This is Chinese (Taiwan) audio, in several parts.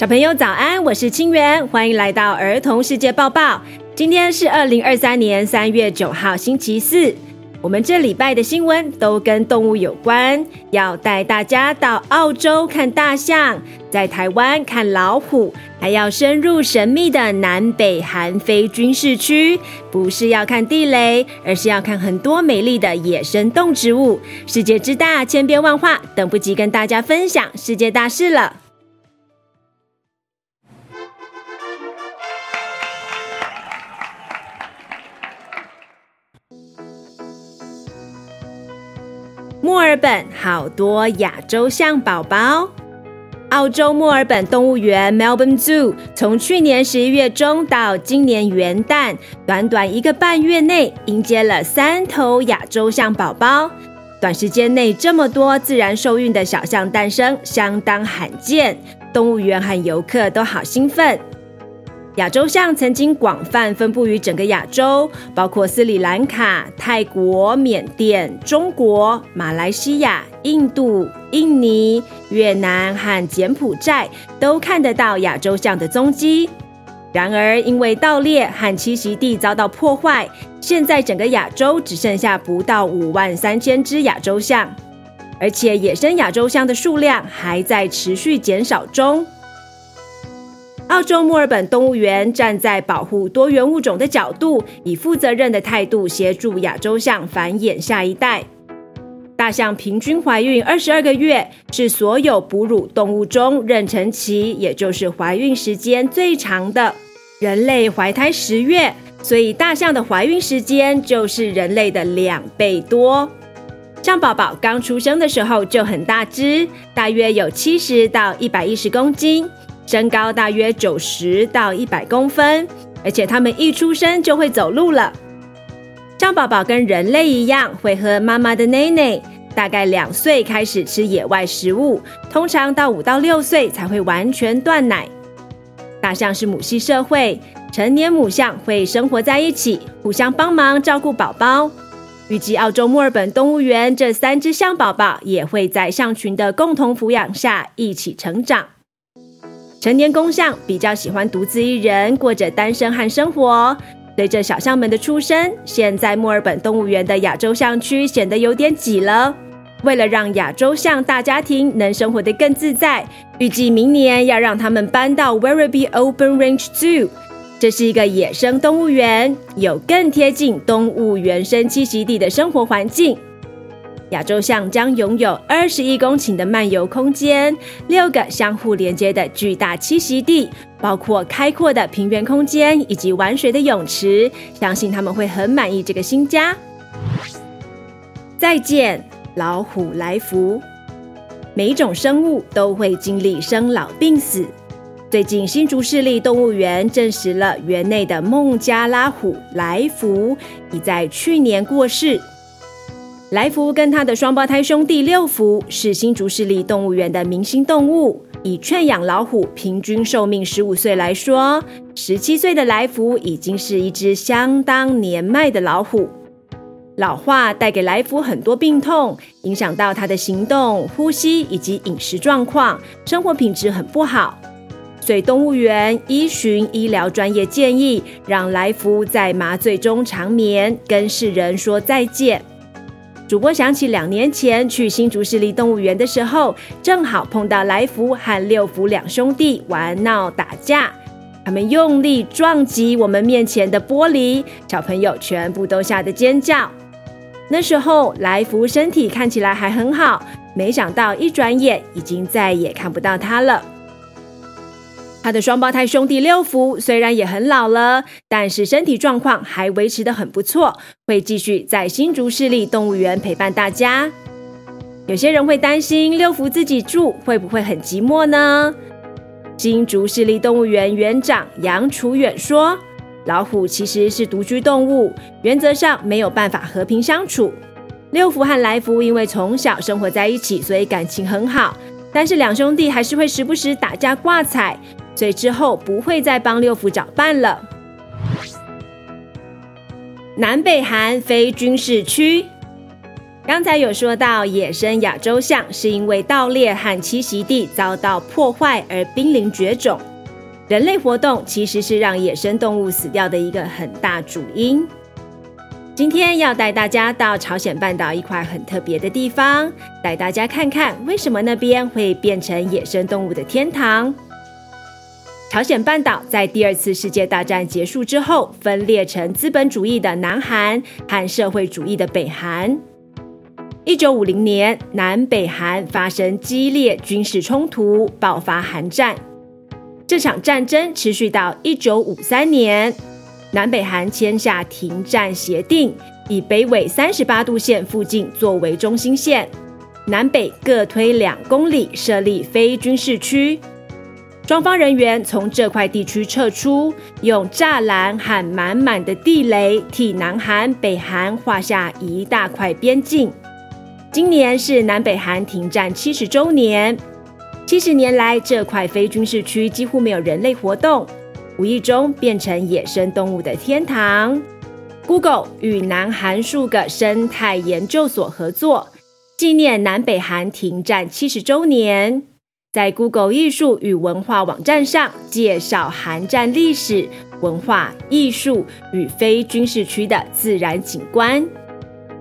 小朋友早安，我是清源，歡迎來到兒童世界報報。今天是二零二三年三月九號星期四，我們這禮拜的新聞都跟動物有關，要帶大家到澳洲看大象，在台灣看老虎，還要深入神祕的南北韓非軍事區，不是要看地雷，而是要看很多美麗的野生動植物。世界之大，千變萬化，等不及跟大家分享世界大事了。墨爾本好多亞洲象寶寶，澳洲墨爾本動物園 （Melbourne Zoo） 從去年十一月中到今年元旦，短短一個半月內迎接了三頭亞洲象寶寶。短時間內這麼多自然受孕的小象誕生，相當罕見，動物園和遊客都好興奮。亞洲象曾經廣泛分布於整個亞洲，包括斯里蘭卡、泰國、緬甸、中國、馬來西亞、印度、印尼、越南和柬埔寨，都看得到亞洲象的蹤跡。然而，因為盜獵和棲息地遭到破壞，現在整個亞洲只剩下不到五萬三千隻亞洲象。而且野生亞洲象的數量還在持續減少中。澳洲墨爾本動物園站在保護多元物種的角度，以負責任的態度協助亞洲象繁衍下一代。大象平均懷孕二十二個月，是所有哺乳動物中妊娠期，也就是懷孕時間最長的。人類懷胎十月，所以大象的懷孕時間就是人類的兩倍多。象寶寶剛出生的時候就很大只，大約有七十到一百一十公斤。身高大約九十到一百公分，而且他們一出生就會走路了。象寶寶跟人類一樣會喝媽媽的奶奶，大概兩歲開始吃野外食物，通常到五到六歲才會完全斷奶。大象是母系社會，成年母象會生活在一起，互相幫忙照顧寶寶。預計澳洲墨爾本動物園這三隻象寶寶也會在象群的共同撫養下一起成長。成年公象比較喜歡獨自一人過着單身漢生活。隨着小象們的出生，現在墨爾本動物園的亞洲象區顯得有點擠了。為了讓亞洲象大家庭能生活得更自在，預計明年要讓他們搬到 Werribee Open Range Zoo，這是一個野生動物園，有更貼近動物原生棲息地的生活環境。亞洲象將擁有二十一公頃的漫遊空間，六個相互連接的巨大棲息地，包括開闊的平原空間以及玩水的泳池，相信他們會很滿意這個新家。再見，老虎來福。每一種生物都會經歷生老病死。最近，新竹市立動物園證實了園內的孟加拉虎來福已在去年過世。來福跟他的雙胞胎兄弟六福是新竹市立動物園的明星動物。以圈養老虎平均壽命十五歲來說，十七歲的來福已經是一只相當年邁的老虎。老化帶給來福很多病痛，影響到他的行動、呼吸以及飲食狀況，生活品質很不好。所以動物園依循醫療專,專業建議，讓來福在麻醉中長眠，跟世人說再見。主播想起兩年前去新竹市立動物園的時候，正好碰到來福和六福兩兄弟玩鬧打架，他們用力撞擊我們面前的玻璃，小朋友全部都嚇得尖叫。那時候來福身體看起來還很好，沒想到一轉眼已經再也看不到他了。他的雙胞胎兄弟六福雖然也很老了，但是身體狀況還維持得很不錯，會繼續在新竹市立動物園陪伴大家。有些人會擔心六福自己住會不會很寂寞呢？新竹市立動物園園園園長楊楚遠說：“老虎其實是獨居動物，原則上沒有辦法和平相處。六福和來福因為從小生活在一起，所以感情很好，但是兩兄弟還是會時不時打架掛彩。”所以之後不會再幫來福找伴了。南北韓非軍事區，剛才有說到，野生亞洲象是因為盜獵和棲息地遭到破壞而瀕臨絕種。人類活動其實是讓野生動物死掉的一個很大主因。今天要帶大家到朝鮮半島一塊很特別的地方，帶大家看看為什麼那邊會變成野生動物的天堂。朝鮮半島在第二次世界大戰結束之後分裂成資本主義的南韓和社會主義的北韓。一九五零年，南北韓發生激烈軍事衝突，爆發韓戰。這場戰爭持續到一九五三年，南北韓簽下停戰協定，以北緯三十八度線附近作為中心線，南北各推兩公里設立非軍事區。雙方人員從這塊地區撤出，用柵欄和滿滿的地雷替南韓、北韓畫下一大塊邊境。今年是南北韓停戰七十週年，七十年來這塊非軍事區幾乎沒有人類活動，無意中變成野生動物的天堂。Google 與南韓數個生態研究所合作，紀念南北韓停戰七十週年。在 Google 藝術與文化網站上介紹韓戰歷史、文化、藝術與非軍事區的自然景觀，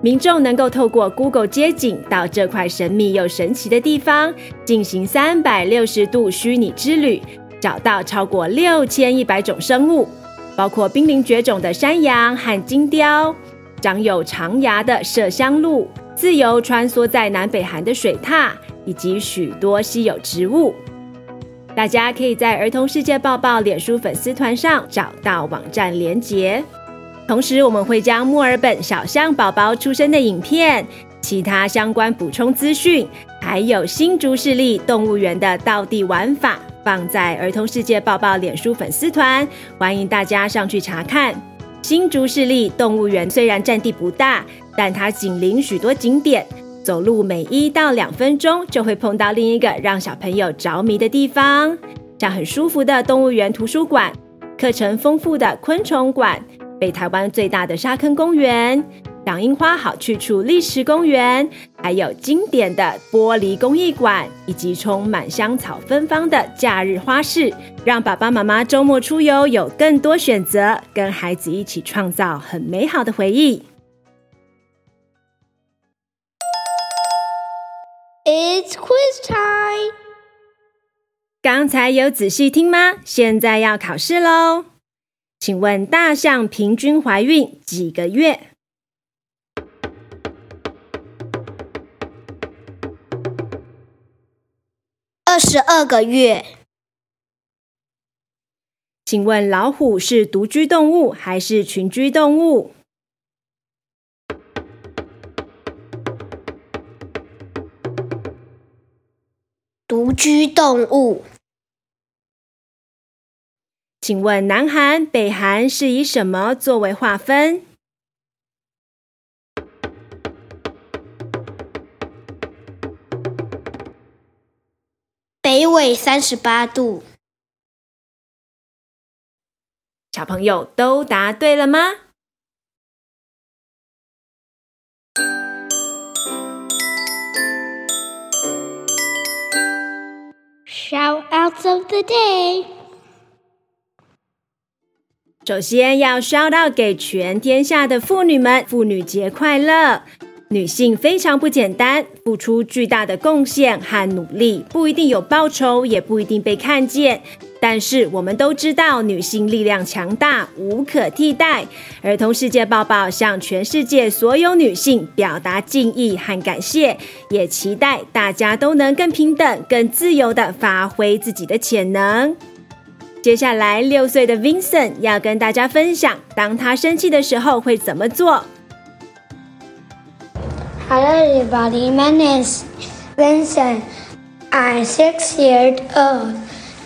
民眾能夠透過 Google 街景到這塊神祕又神奇的地方，進行三百六十度虛擬之旅，找到超過六千一百種生物，包括瀕臨絕種的山羊和金雕，長有長牙的麝香鹿，自由穿梭在南北韓的水獺。以及許多稀有植物，大家可以在兒童世界報報臉書粉絲團上找到網站連結，同時，我們會將墨爾本小象寶寶出生的影片、其他相關補充資訊，還有新竹市立動物園的道地玩法，放在兒童世界報報臉書粉絲團，歡迎大家上去查看。新竹市立動物園雖然占地不大，但它緊鄰許多景點。走路每一到兩分鐘，就會碰到另一個讓小朋友着迷的地方，像很舒服的動物園、圖書館，課程豐富的昆蟲館，北台灣最大的沙坑公園，賞櫻花好去處歷史公園，還有經典的玻璃工藝館，以及充滿香草芬芳的假日花市，讓爸爸媽媽周末出遊有更多選擇，跟孩子一起創造很美好的回憶。It's Quiz Time。剛才有仔細聽嗎？現在要考試嘍。請問大象平均懷孕幾個月？二十二個月。請問老虎是獨居動物還是群居動物？獨居動物。請問南韓、北韓是以什麼作為劃分？北緯三十八度。小朋友都答對了嗎？首先要 shout out 給全天下的婦女們，婦女節快樂！女性非常不簡單，付出巨大的貢獻和努力，不一定有報酬，也不一定被看見。但是我們都知道，女性力量強大，無可替代。兒童世界報報向全世界所有女性表達敬意和感謝，也期待大家都能更平等、更自由地發揮自己的潛能。接下來，六歲的 Vincent 要跟大家分享，當他生氣的時候會怎麼做。Hello, everybody, my name is Vincent. I'm six years old.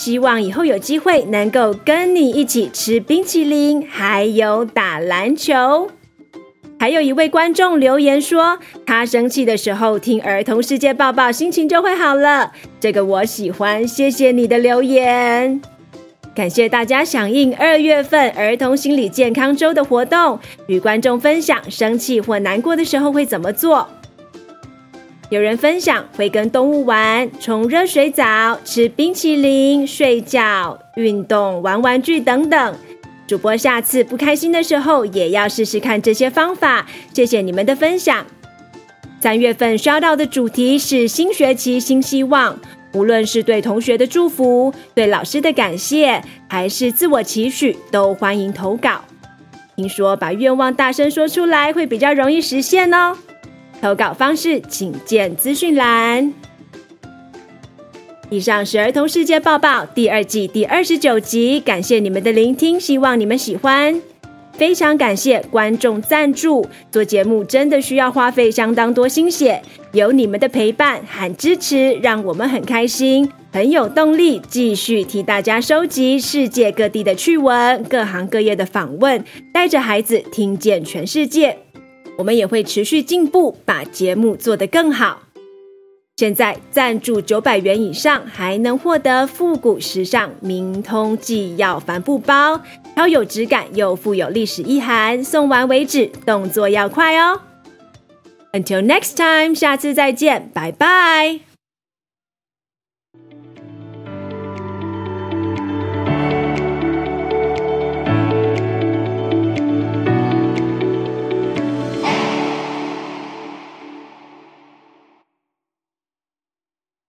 希望以後有機會能夠跟你一起吃冰淇淋，還有打籃球。還有一位觀眾留言說，他生氣的時候聽《兒童世界報報》，心情就會好了。這個我喜歡，謝謝你的留言。感謝大家響應二月份兒童心理健康周的活動，與觀眾分享生氣或難過的時候會怎麼做。有人分享會跟動物玩、沖熱水澡、吃冰淇淋、睡覺、運動、玩玩具等等。主播下次不開心的時候，也要試試看這些方法。謝謝你們的分享。三月份 shout out 的主題是新學期新希望，無論是對同學的祝福、對老師的感謝，還是自我期許，都歡迎投稿。聽說把願望大聲說出來，會比較容易實現哦。投稿方式，請見資訊欄。以上是《兒童世界報報》第二季第二十九集，感謝你們的聆聽，希望你們喜歡。非常感謝觀眾贊助，做節目真的需要花費相當多心血，有你們的陪伴和支持，讓我們很開心，很有動力，繼續替大家收集世界各地的趣聞、各行各業的訪問，帶着孩子聽見全世界。我們也會持續進步，把節目做得更好。現在贊助九百元以上，還能獲得複古時尚明通寄藥帆布包，超有質感又富有歷史意涵，送完為止，動作要快哦！Until next time，下次再見，拜拜。